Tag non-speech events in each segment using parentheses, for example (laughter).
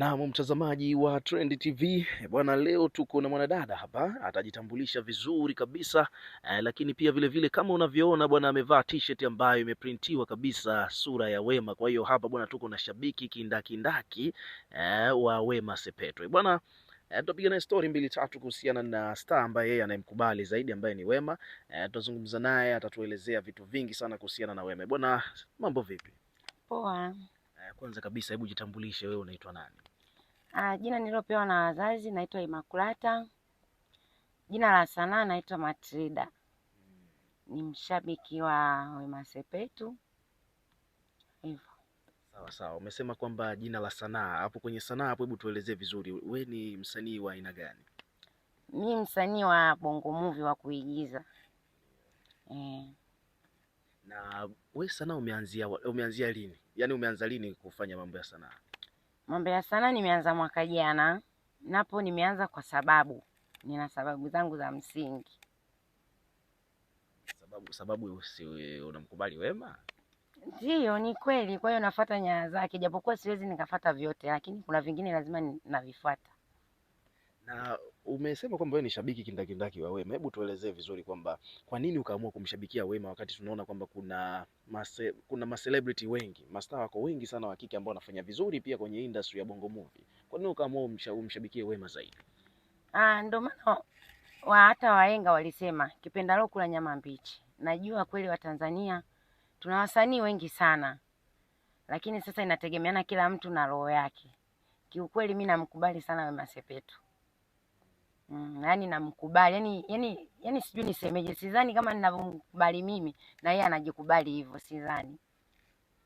Naam, mtazamaji wa Trend TV eh, bwana, leo tuko na mwanadada hapa, atajitambulisha vizuri kabisa eh, lakini pia vilevile vile, kama unavyoona bwana, amevaa t-shirt ambayo imeprintiwa kabisa sura ya Wema. Kwa hiyo hapa bwana, tuko na shabiki kindakindaki eh, wa Wema Sepetu eh, bwana eh, tutapiga naye story mbili tatu kuhusiana na star ambaye yeye anayemkubali zaidi ambaye ni Wema. Tutazungumza naye, atatuelezea vitu vingi sana kuhusiana na Wema. Bwana, mambo vipi? Poa. Kwanza kabisa, hebu jitambulishe, wewe unaitwa nani? Ah, jina nililopewa na wazazi naitwa Imakulata. Jina la sanaa naitwa matrida Ni mshabiki wa Wema Sepetu. Hivyo. Sawa sawa. Umesema kwamba jina la sanaa. Hapo kwenye sanaa hapo, hebu tuelezee vizuri. We ni msanii wa aina gani? Mi msanii wa bongo movie wa kuigiza. Eh. Na we sanaa umeanzia umeanzia lini? Yaani umeanza lini kufanya mambo ya sanaa? Mambo sana nimeanza mwaka jana, napo nimeanza kwa sababu nina sababu zangu za msingi. Sababu sababu si unamkubali Wema? Ndiyo, ni kweli. Kwa hiyo nafuata nyaya zake, japokuwa siwezi nikafuata vyote, lakini kuna vingine lazima navifuata. Na umesema kwamba wewe ni shabiki kindakindaki wa Wema. Hebu tuelezee vizuri kwamba kwa nini ukaamua kumshabikia Wema wakati tunaona kwamba kuna mase, kuna macelebrity wengi mastaa wako wengi sana wa kike ambao wanafanya vizuri pia kwenye industry ya Bongo Movie. Kwa nini ukaamua umshabikie Wema zaidi? Ah, ndio maana wa hata waenga walisema kipendalo kula nyama mbichi. Najua kweli Watanzania tuna wasanii wengi sana, lakini sasa inategemeana kila mtu na roho yake. Kiukweli mi namkubali sana Wema Sepetu. Mm, yani namkubali yani, yani, yani sijui nisemeje, sidhani kama ninavyomkubali mimi na yeye anajikubali hivyo, sidhani.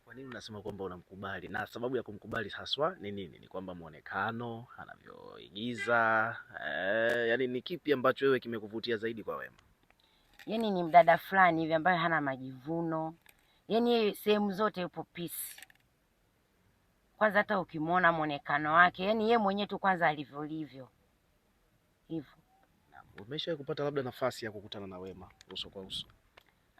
Kwa nini unasema kwamba unamkubali? Na sababu ya kumkubali haswa ni nini? Ni kwamba muonekano anavyoigiza, eh, yani ni kipi ambacho wewe kimekuvutia zaidi kwa Wema? Yani ni mdada fulani hivi ambaye hana majivuno, yani sehemu zote yupo peace. Kwanza hata ukimwona mwonekano wake, yani yeye mwenyewe tu kwanza alivyolivyo hivyo. Umeshawahi kupata labda nafasi ya kukutana na Wema uso kwa uso?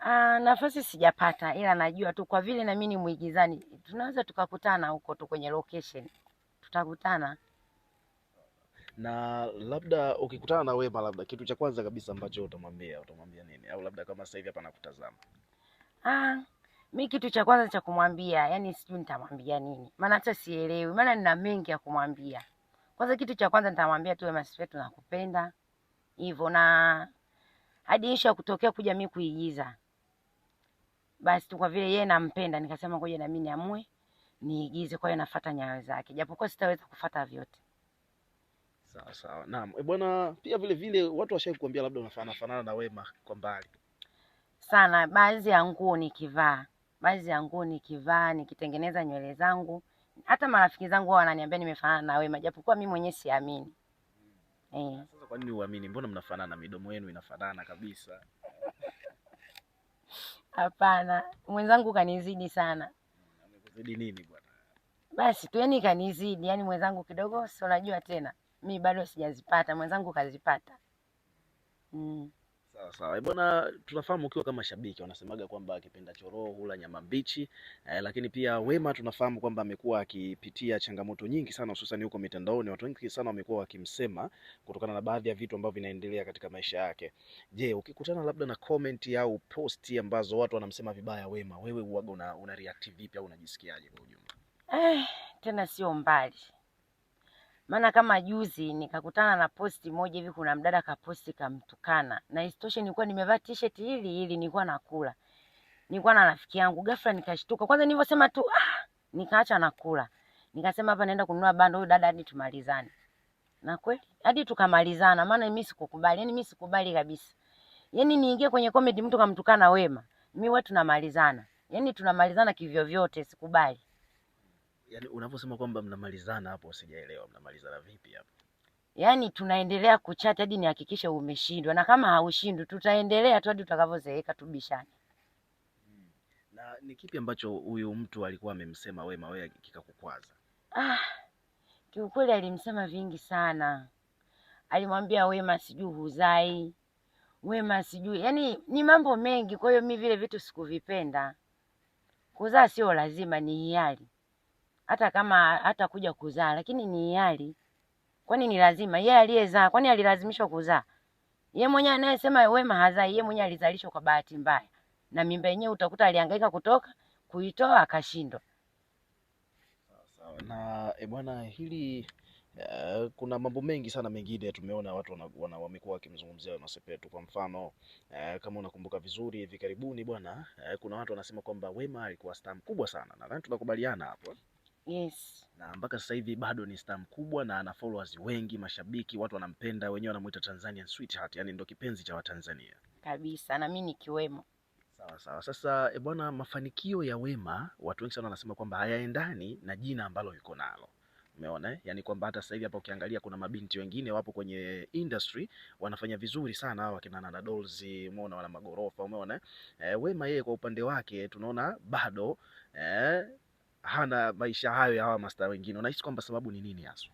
Aa, ah, nafasi sijapata, ila najua tu kwa vile na mimi ni muigizani, tunaweza tukakutana huko tu kwenye location, tutakutana. Na labda ukikutana na Wema, labda kitu cha kwanza kabisa ambacho utamwambia utamwambia nini? Au labda kama sasa hivi hapa nakutazama. Ah, mi kitu cha kwanza cha kumwambia, yani sijui nitamwambia nini, maana hata sielewi, maana nina mengi ya kumwambia. Kwanza kitu cha kwanza nitamwambia tu Wema na nakupenda hivyo, na hadi ishu ya kutokea kuja mimi kuigiza, basi tu kwa vile yeye nampenda, nikasema ngoja na mimi niamue niigize. Kwa hiyo nafuata nyayo zake, japokuwa sitaweza kufuata vyote. Sawa sawa, naam eh, bwana. Pia vile vile watu washai kuambia labda unafanana fanana na Wema kwa mbali sana, baadhi ya nguo nikivaa, baadhi ya nguo nikivaa, nikitengeneza nywele zangu hata marafiki zangu wao wananiambia nimefanana na Wema japokuwa mimi mwenyewe siamini. Mm. Eh. Sasa kwa nini uamini? Mbona mnafanana, midomo yenu inafanana kabisa. (laughs) Hapana, mwenzangu kanizidi sana. Mm, amekuzidi nini bwana? Basi tu yani kanizidi, yani mwenzangu kidogo, si unajua tena, Mimi bado sijazipata, mwenzangu kazipata. Mm. mm. Sawa sawa eh, bwana, tunafahamu ukiwa kama shabiki, wanasemaga kwamba akipenda choroo hula nyama mbichi eh, lakini pia Wema tunafahamu kwamba amekuwa akipitia changamoto nyingi sana, hususan huko mitandaoni. Watu wengi sana wamekuwa wakimsema kutokana na baadhi ya vitu ambavyo vinaendelea katika maisha yake. Je, ukikutana labda na comment au posti ambazo watu wanamsema vibaya Wema, wewe huaga una, una react vipi au unajisikiaje kwa ujumla? Eh, tena sio mbali maana kama juzi nikakutana na posti moja hivi, kuna mdada kaposti kamtukana, na isitoshe nilikuwa nimevaa t-shirt hili hili, nilikuwa nakula, nilikuwa na rafiki yangu, ghafla nikashtuka. Kwanza nilivyosema tu ah, nikaacha nakula, nikasema hapa naenda kununua bando, huyu dada hadi tumalizane. Na kweli hadi tukamalizana, maana mimi sikukubali, yani mimi sikubali kabisa, yani niingie kwenye comedy mtu kamtukana Wema, mimi watu tunamalizana, yani tunamalizana kivyo vyote, sikubali yani unavyosema kwamba mnamalizana hapo, sijaelewa mnamalizana vipi hapo? Yaani tunaendelea kuchati hadi nihakikishe umeshindwa, na kama haushindwi tutaendelea tu hadi utakavyozeeka, tubishane. Hmm. Na ni kipi ambacho huyu mtu alikuwa amemsema Wema wewe kikakukwaza? Ah, kiukweli alimsema vingi sana. Alimwambia Wema sijui huzai, Wema sijui, yaani ni mambo mengi. Kwa hiyo mi vile vitu sikuvipenda. Kuzaa sio lazima, ni hiari hata kama hata kuja kuzaa, lakini ni hiari. Kwani ni lazima yeye aliyezaa? Kwani alilazimishwa kuzaa? Yeye mwenye anayesema Wema hazai, yeye mwenye alizalishwa kwa bahati mbaya, na mimba yenyewe utakuta alihangaika kutoka kuitoa akashindwa. Na e bwana, hili uh, kuna mambo mengi sana mengine tumeona watu wamekuwa wakimzungumzia Wema Sepetu. Kwa mfano uh, kama unakumbuka vizuri, hivi karibuni bwana, uh, kuna watu wanasema kwamba Wema alikuwa staa mkubwa sana. Nadhani tunakubaliana hapo. Yes. Na mpaka sasa hivi bado ni star mkubwa na ana followers wengi, mashabiki, watu wanampenda, wenyewe wanamuita Tanzanian sweetheart, yani ndo kipenzi cha Watanzania kabisa, na mimi nikiwemo. Sawa sawa. Sasa e, bwana, mafanikio ya Wema watu wengi sana wanasema kwamba hayaendani na jina ambalo yuko nalo Umeona, eh? yaani kwamba hata sasa hivi hapa ukiangalia kuna mabinti wengine wapo kwenye industry wanafanya vizuri sana, hawa wakina Nana Dolls, umeona, wana magorofa, umeona. Eh? eh, Wema yeye kwa upande wake tunaona bado eh, hana maisha hayo ya hawa masta wengine. Unahisi kwamba sababu ni nini hasa?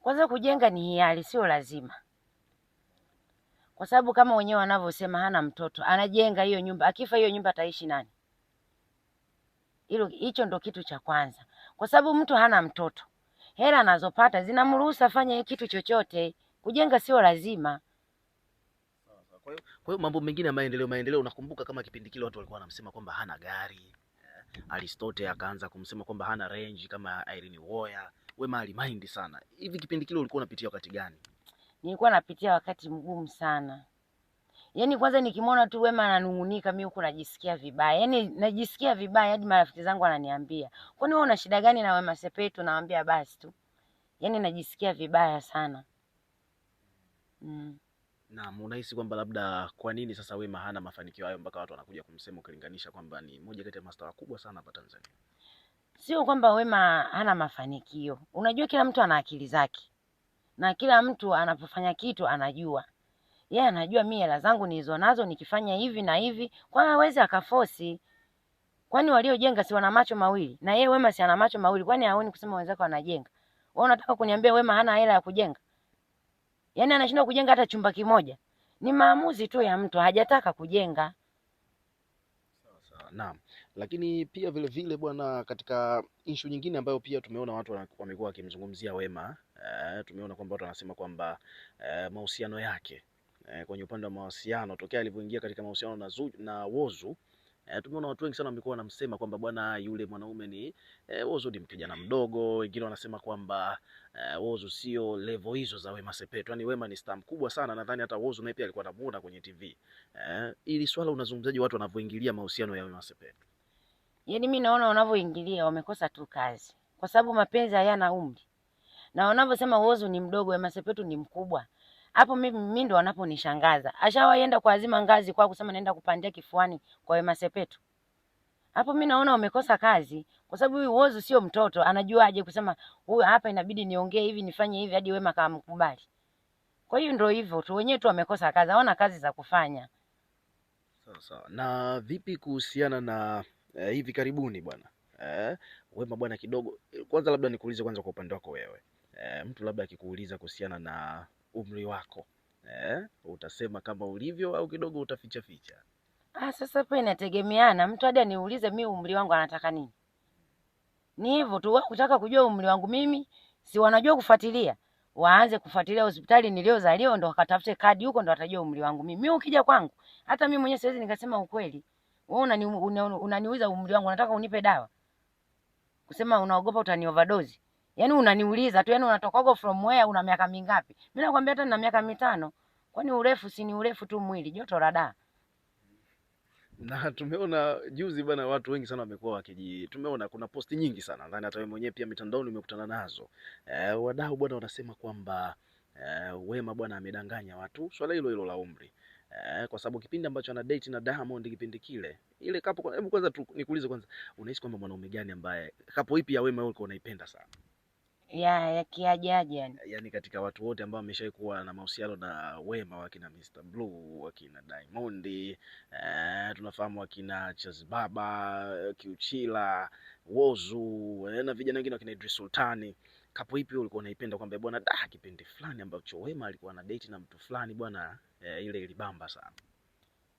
Kwanza kujenga ni hiari, sio lazima, kwa sababu kama wenyewe wanavyosema, hana mtoto, anajenga hiyo nyumba. Akifa hiyo nyumba ataishi nani? Hilo hicho ndo kitu cha kwanza, kwa sababu mtu hana mtoto, hela anazopata zinamruhusu afanye kitu chochote. Kujenga sio lazima. Kwa hiyo mambo mengine ya maendeleo, maendeleo, unakumbuka kama kipindi kile watu walikuwa wanamsema kwamba hana gari Aristotle akaanza kumsema kwamba hana range kama Irene Uwoya. mali mind sana. Hivi kipindi kile ulikuwa unapitia wakati gani? Nilikuwa napitia wakati mgumu sana. Yaani kwanza nikimwona tu Wema ananung'unika mimi huko najisikia vibaya. Yaani najisikia vibaya hadi marafiki zangu wananiambia, "Kwani wewe una shida gani na Wema Sepetu?" Nawaambia basi tu. Yaani najisikia vibaya sana. Mm. Naam, unahisi kwamba labda kwa nini sasa Wema hana mafanikio hayo mpaka watu wanakuja kumsema ukilinganisha kwamba ni moja kati ya mastaa wakubwa sana hapa Tanzania? Sio kwamba Wema hana mafanikio. Unajua kila mtu ana akili zake. Na kila mtu anapofanya kitu anajua. Yeye anajua mimi hela zangu nilizo nazo nikifanya hivi na hivi, kwa hawezi akafosi. Kwani waliojenga si wana macho mawili? Na yeye Wema si ana macho mawili, kwani haoni kusema wenzake wanajenga? Wewe unataka kuniambia Wema hana hela ya kujenga? yaani anashindwa kujenga hata chumba kimoja. Ni maamuzi tu ya mtu, hajataka kujenga. Naam, lakini pia vile vile bwana, katika ishu nyingine ambayo pia tumeona watu wamekuwa wakimzungumzia Wema e, tumeona kwamba watu wanasema kwamba e, mahusiano yake e, kwenye upande wa mahusiano tokea alivyoingia katika mahusiano na, na Whozu E, tumeona watu wengi sana wamekuwa wanamsema kwamba bwana yule mwanaume ni e, eh, Whozu ni kijana mdogo. Wengine wanasema kwamba e, eh, Whozu sio level hizo za Wema Sepetu, Yaani Wema ni star mkubwa sana. Nadhani hata Whozu naye pia alikuwa anamuona kwenye TV. Eh, ili swala unazungumzaje watu wanavyoingilia mahusiano ya Wema Sepetu? Yaani mimi naona wanavyoingilia wamekosa tu kazi, kwa sababu mapenzi hayana umri, na wanavyosema Whozu ni mdogo, Wema Sepetu ni mkubwa hapo mimi mimi ndo wanaponishangaza. Ashawaenda azima ngazi kwa kusema naenda kupandia kifuani kwa Wema Sepetu. Hapo mimi naona umekosa kazi kwa sababu huyu Whozu sio mtoto, anajuaje kusema huyu hapa inabidi niongee hivi nifanye hivi hadi Wema kamkubali. Kwa hiyo ndio hivyo tu, wenyewe tu wamekosa kazi, hawana kazi za kufanya. Sawa sawa. Na vipi kuhusiana na eh, hivi karibuni bwana eh, Wema bwana kidogo kwanza, labda nikuulize kwanza kwa upande wako wewe eh, mtu labda akikuuliza kuhusiana na umri wako eh? Utasema kama ulivyo au kidogo utaficha ficha? Ah, sasa pa inategemeana, mtu hadi aniulize mi umri wangu anataka nini. Ni hivyo tu, kutaka kujua umri wangu mimi, si wanajua kufuatilia, waanze kufuatilia hospitali niliozaliwa, ndo wakatafute kadi huko, ndo watajua umri wangu mimi. Mimi ukija kwangu, hata mimi mwenyewe siwezi nikasema ukweli. Wewe unani, unaniuliza umri wangu, unataka unipe dawa, kusema unaogopa overdose. Yaani unaniuliza tu, yaani unatokaga from where, una miaka mingapi? Mimi nakwambia hata nina miaka mitano. Kwani urefu si ni urefu tu mwili, joto la da. Na tumeona juzi bana, watu wengi sana wamekuwa wakiji, tumeona kuna posti nyingi sana, ndani, hata wewe mwenyewe pia mitandaoni umekutana nazo. E, wadau bwana wanasema kwamba e, Wema bwana amedanganya watu swala hilo hilo la umri. Eh, kwa sababu kipindi ambacho ana date na Diamond kipindi kile ile kapo, hebu kwanza tu nikuulize kwanza, unahisi kwamba mwanaume gani ambaye kapo ipi ya Wema wewe unaipenda sana? ya ya kiajaja yani, yaani katika watu wote ambao wameshawahi kuwa na mahusiano na Wema, wakina Mr Blue, wakina Diamond eh, tunafahamu wakina Chazibaba, Kiuchila, Wozu eh, na vijana wengine wakina Idris Sultani. kapo ipi ulikuwa unaipenda kwamba bwana da kipindi fulani ambacho Wema alikuwa na date na mtu fulani bwana eh, ile ilibamba sana.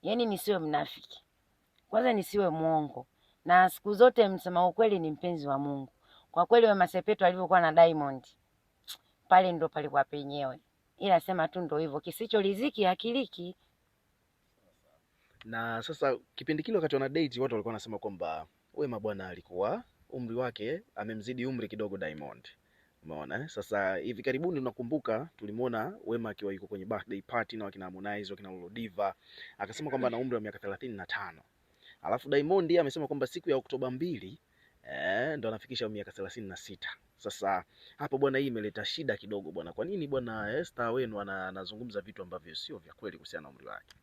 Yani nisiwe mnafiki kwanza, nisiwe mwongo, na siku zote msema ukweli ni mpenzi wa Mungu kwa kweli Wema Sepetu alivyokuwa na Diamond pale ndo palikuwa penyewe, ila sema tu ndo hivyo, kisicho riziki hakiliki. Na sasa kipindi kile wakati wana date, watu walikuwa wanasema kwamba Wema bwana alikuwa umri wake amemzidi umri kidogo Diamond. Umeona? Sasa hivi karibuni tunakumbuka tulimwona Wema akiwa yuko kwenye birthday party na wakina Harmonize, wakina Olodiva, akasema kwamba ana umri wa miaka thelathini na tano. Alafu Diamond amesema kwamba siku ya Oktoba mbili eh, ndo anafikisha miaka thelathini na sita. Sasa hapo bwana, hii imeleta shida kidogo bwana. Kwa nini bwana Esther eh, wenu anazungumza vitu ambavyo sio vya kweli kuhusiana na umri wake?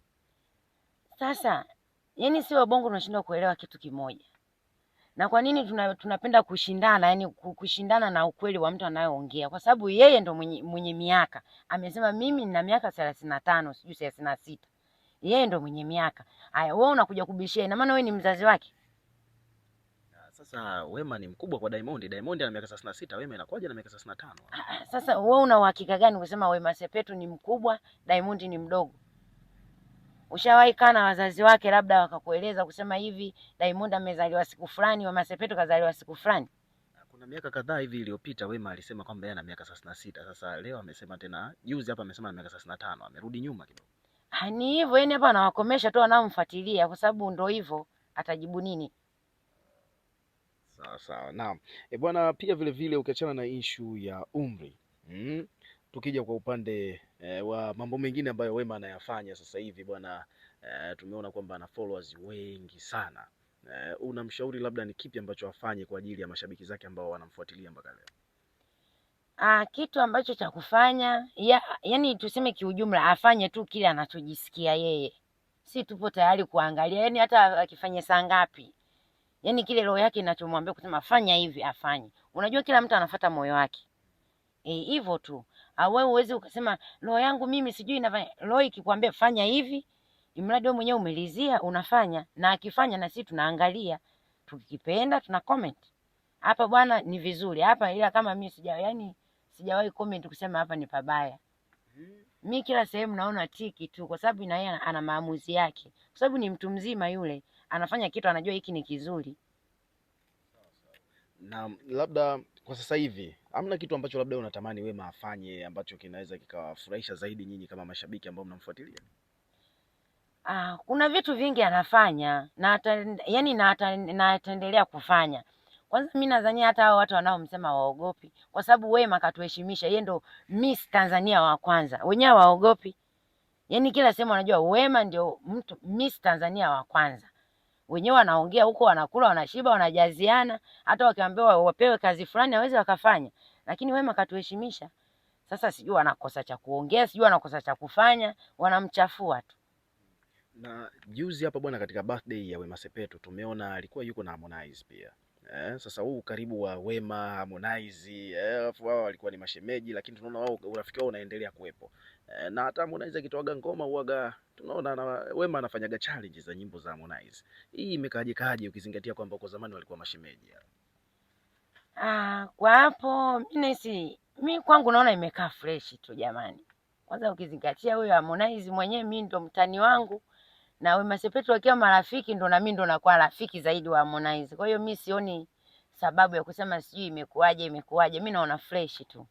Sasa yani si wabongo tunashindwa kuelewa kitu kimoja, na kwa nini tunapenda kushindana yani kushindana na ukweli wa mtu anayeongea, kwa sababu yeye ndo mwenye, mwenye miaka amesema mimi nina miaka thelathini na tano sijui thelathini na sita yeye ndo mwenye miaka. Aya, wewe unakuja kubishia, ina maana wewe ni mzazi wake? Sasa Wema ni mkubwa kwa Diamond. Diamond ana miaka thelathini na sita, Wema inakuwaje na miaka thelathini na tano? Ah, ah, sasa wewe una uhakika gani kusema Wema Sepetu ni mkubwa, Diamond ni mdogo? Ushawahi kaa na wazazi wake labda wakakueleza kusema hivi Diamond amezaliwa siku fulani, Wema Sepetu kazaliwa siku fulani? Ah, kuna miaka kadhaa hivi iliyopita Wema alisema kwamba yeye ana miaka thelathini na sita. Sasa leo amesema tena, juzi hapa amesema ana miaka thelathini na tano, amerudi nyuma kidogo. Ni hivyo, yaani hapa anawakomesha tu wanaomfuatilia, kwa sababu ndio hivyo, atajibu nini? Sawa sawa, naam e, bwana. Pia vile vile ukiachana na ishu ya umri mm, tukija kwa upande e, wa mambo mengine ambayo Wema anayafanya sasa hivi bwana e, tumeona kwamba ana followers wengi sana e, unamshauri labda ni kipi ambacho afanye kwa ajili ya mashabiki zake ambao wanamfuatilia mpaka leo? Ah, kitu ambacho cha kufanya ya, yani tuseme kiujumla afanye tu kile anachojisikia yeye, si tupo tayari kuangalia yani hata akifanya saa ngapi yani kile roho yake inachomwambia kusema fanya hivi afanye. Unajua kila mtu anafata moyo wake e, hivyo e, tu awe ah, uwezi ukasema roho yangu mimi sijui inafanya. Roho ikikwambia fanya hivi, imradi wewe mwenyewe umelizia unafanya, na akifanya na sisi tunaangalia, tukipenda tuna comment hapa bwana ni vizuri hapa, ila kama mimi sija yani sijawahi comment kusema hapa ni pabaya. Mi kila sehemu naona tiki tu, kwa sababu na yeye ana maamuzi yake, kwa sababu ni mtu mzima yule anafanya kitu anajua hiki ni kizuri. Na labda kwa sasa hivi hamna kitu ambacho labda unatamani Wema afanye ambacho kinaweza kikawafurahisha zaidi nyinyi kama mashabiki ambao mnamfuatilia? Ah, kuna vitu vingi anafanya na ata, yani na ataendelea kufanya. Kwanza mimi nadhani hata hao watu wanaomsema waogopi, kwa sababu Wema katuheshimisha, yeye ndo Miss Tanzania wa kwanza, wenyewe waogopi. Yani kila sehemu wanajua Wema ndio mtu Miss Tanzania wa kwanza wenyewe wanaongea huko, wanakula, wanashiba, wanajaziana, hata wakiambiwa wapewe kazi fulani hawezi wakafanya, lakini Wema katuheshimisha. Sasa sijui wanakosa cha kuongea, sijui wanakosa cha kufanya, wanamchafua tu. Na juzi hapa bwana, katika birthday ya Wema Sepetu tumeona alikuwa yuko na Harmonize pia. Eh, sasa huu ukaribu wa Wema Harmonize, eh, alafu eh, wao walikuwa ni mashemeji, lakini tunaona wao urafiki wao unaendelea kuwepo. Eh, na hata Harmonize akitoaga ngoma huaga tunaona na, Wema anafanyaga challenge za nyimbo za Harmonize. Hii imekaje kaje ukizingatia kwamba kwa zamani walikuwa mashemeji? Ah, kwa hapo mimi nisi mimi kwangu naona imekaa fresh tu jamani. Kwanza ukizingatia huyo Harmonize mwenyewe mimi ndo mtani wangu na Wema Sepetu wakiwa marafiki ndo na mimi ndo nakuwa rafiki zaidi wa Harmonize. Kwa hiyo mimi sioni sababu ya kusema sijui imekuaje imekuaje. Mimi naona fresh tu.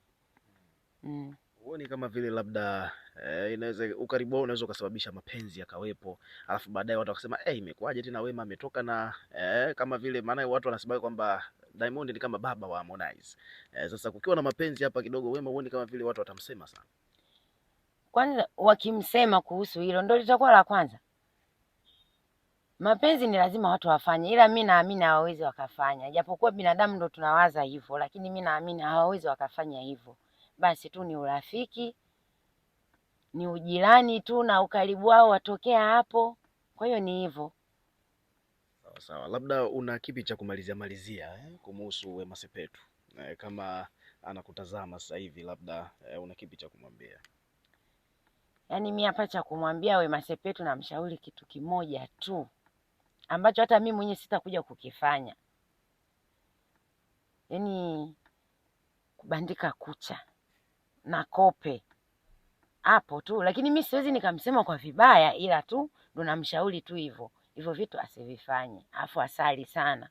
Mm huoni kama vile labda eh, inaweza ukaribu wao unaweza ukasababisha mapenzi yakawepo, alafu baadaye watu wakasema eh, imekuwaje tena Wema ametoka na eh, kama vile maana watu wanasibaki kwamba Diamond ni kama baba wa Harmonize. Eh, sasa kukiwa na mapenzi hapa kidogo, Wema huoni kama vile watu watamsema sana? Kwani wakimsema kuhusu hilo ndio litakuwa la kwanza? Mapenzi ni lazima watu wafanye, ila mi naamini hawawezi wakafanya, japokuwa binadamu ndo tunawaza hivyo, lakini mi naamini hawawezi wakafanya hivyo basi tu ni urafiki, ni ujirani tu na ukaribu wao watokea hapo. Kwa hiyo ni hivyo. Sawa sawa, labda una kipi cha kumalizia malizia eh, kumuhusu Wema Sepetu eh, kama anakutazama sasa hivi, labda eh, una kipi cha kumwambia? Yaani mi hapa cha kumwambia Wema Sepetu, namshauri kitu kimoja tu ambacho hata mi mwenyewe sitakuja kukifanya, yaani kubandika kucha na kope hapo tu, lakini mi siwezi nikamsema kwa vibaya, ila tu ndo namshauri tu hivyo hivyo vitu asivifanye, afu asali sana.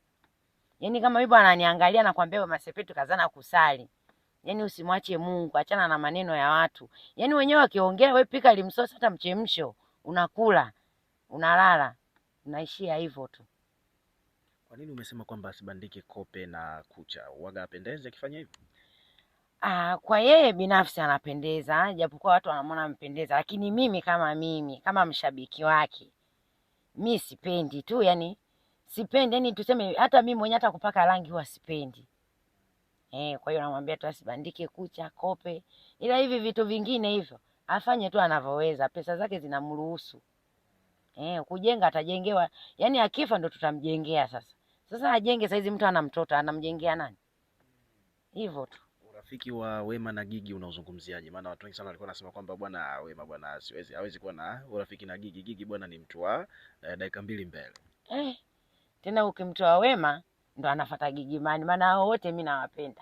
Yani kama bibi ananiangalia na kwambia wewe Masepetu, kazana kusali. Yani usimwache Mungu, achana na maneno ya watu. Yani wenyewe wakiongea, wewe pika limsosi, hata mchemsho unakula, unalala, unaishia hivyo tu. Kwa nini umesema kwamba asibandike kope na kucha? Waga apendeze akifanya hivyo? Ah, kwa yeye binafsi anapendeza, japokuwa watu wanamwona mpendeza lakini mimi kama mimi kama mshabiki wake mi sipendi tu, yani sipendi, yani tuseme hata mi mwenyewe hata kupaka rangi huwa sipendi eh. Kwa hiyo namwambia tu asibandike kucha, kope, ila hivi vitu vingine hivyo afanye tu anavyoweza, pesa zake zinamruhusu eh. Kujenga atajengewa, yani akifa ndo tutamjengea sasa. Sasa ajenge saizi, mtu ana mtoto anamjengea nani? Hivyo tu. Urafiki wa Wema na Gigi unaozungumziaje? Maana watu wengi sana walikuwa nasema kwamba bwana ah, Wema bwana siwezi hawezi kuwa na urafiki na Gigi. Gigi bwana ni mtu wa eh, dakika mbili mbele. Eh. Tena ukimtoa Wema ndo anafuata Gigi Man, maana hao wote mimi nawapenda.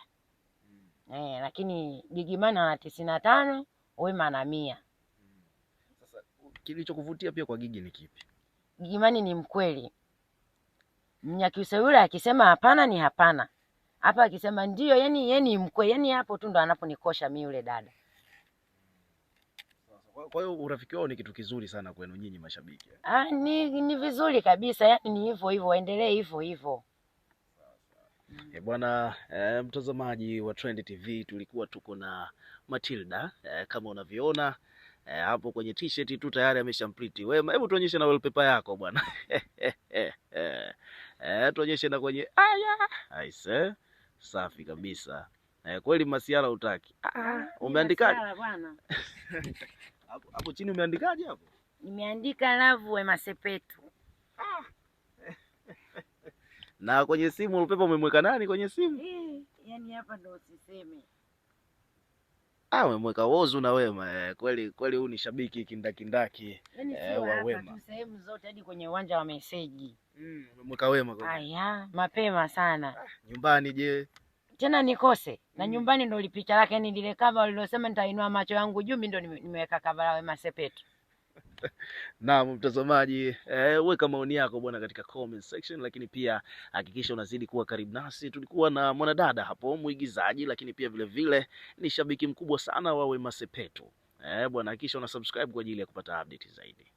Hmm. Eh, lakini Gigi Man ana tisini na tano, Wema ana mia. Hmm. Sasa kilichokuvutia pia kwa Gigi ni kipi? Gigi Man ni mkweli. Mnyakyusa yule akisema hapana ni hapana hapa akisema ndio, yani yani mkwe, yani hapo tu ndo anaponikosha mimi yule dada. Kwa hiyo urafiki wao ni kitu kizuri sana kwenu nyinyi mashabiki. Eh? Ah, ni ni vizuri kabisa, yani ni hivyo hivyo, waendelee hivyo hivyo. E bwana e, mtazamaji wa Trend TV tulikuwa tuko na Matilda e, kama unavyoona e, hapo kwenye t-shirt tu tayari ameshampriti Wema. Hebu tuonyeshe na wallpaper yako bwana. (laughs) Eh, tuonyeshe na kwenye aya. Aise. Safi kabisa. Eh, kweli masiara utaki. Ah, ah, ah umeandikaje? (laughs) Hapo chini umeandikaje hapo? Nimeandika love we masepetu ah. (laughs) Na kwenye simu ulipepa umemweka nani kwenye simu? Eh, yani hapa ndo usiseme amemweka ah, umemweka Whozu na Wema eh, kweli kweli, huu ni shabiki kindakindaki yaani eh, wa Wema sehemu zote, hadi kwenye uwanja wa meseji umemweka mm, Wema kwa haya mapema sana. Ah, nyumbani je, tena nikose na mm. Nyumbani ndo lipicha lake, yani lile kava walilosema nitainua macho yangu juu, mimi ndo nimeweka kava la Wema Sepetu. (laughs) Naam mtazamaji, eh, weka maoni yako bwana katika comment section, lakini pia hakikisha unazidi kuwa karibu nasi. Tulikuwa na mwanadada hapo mwigizaji, lakini pia vile vile ni shabiki mkubwa sana wa Wema Sepetu. Eh, bwana hakikisha una subscribe kwa ajili ya kupata update zaidi.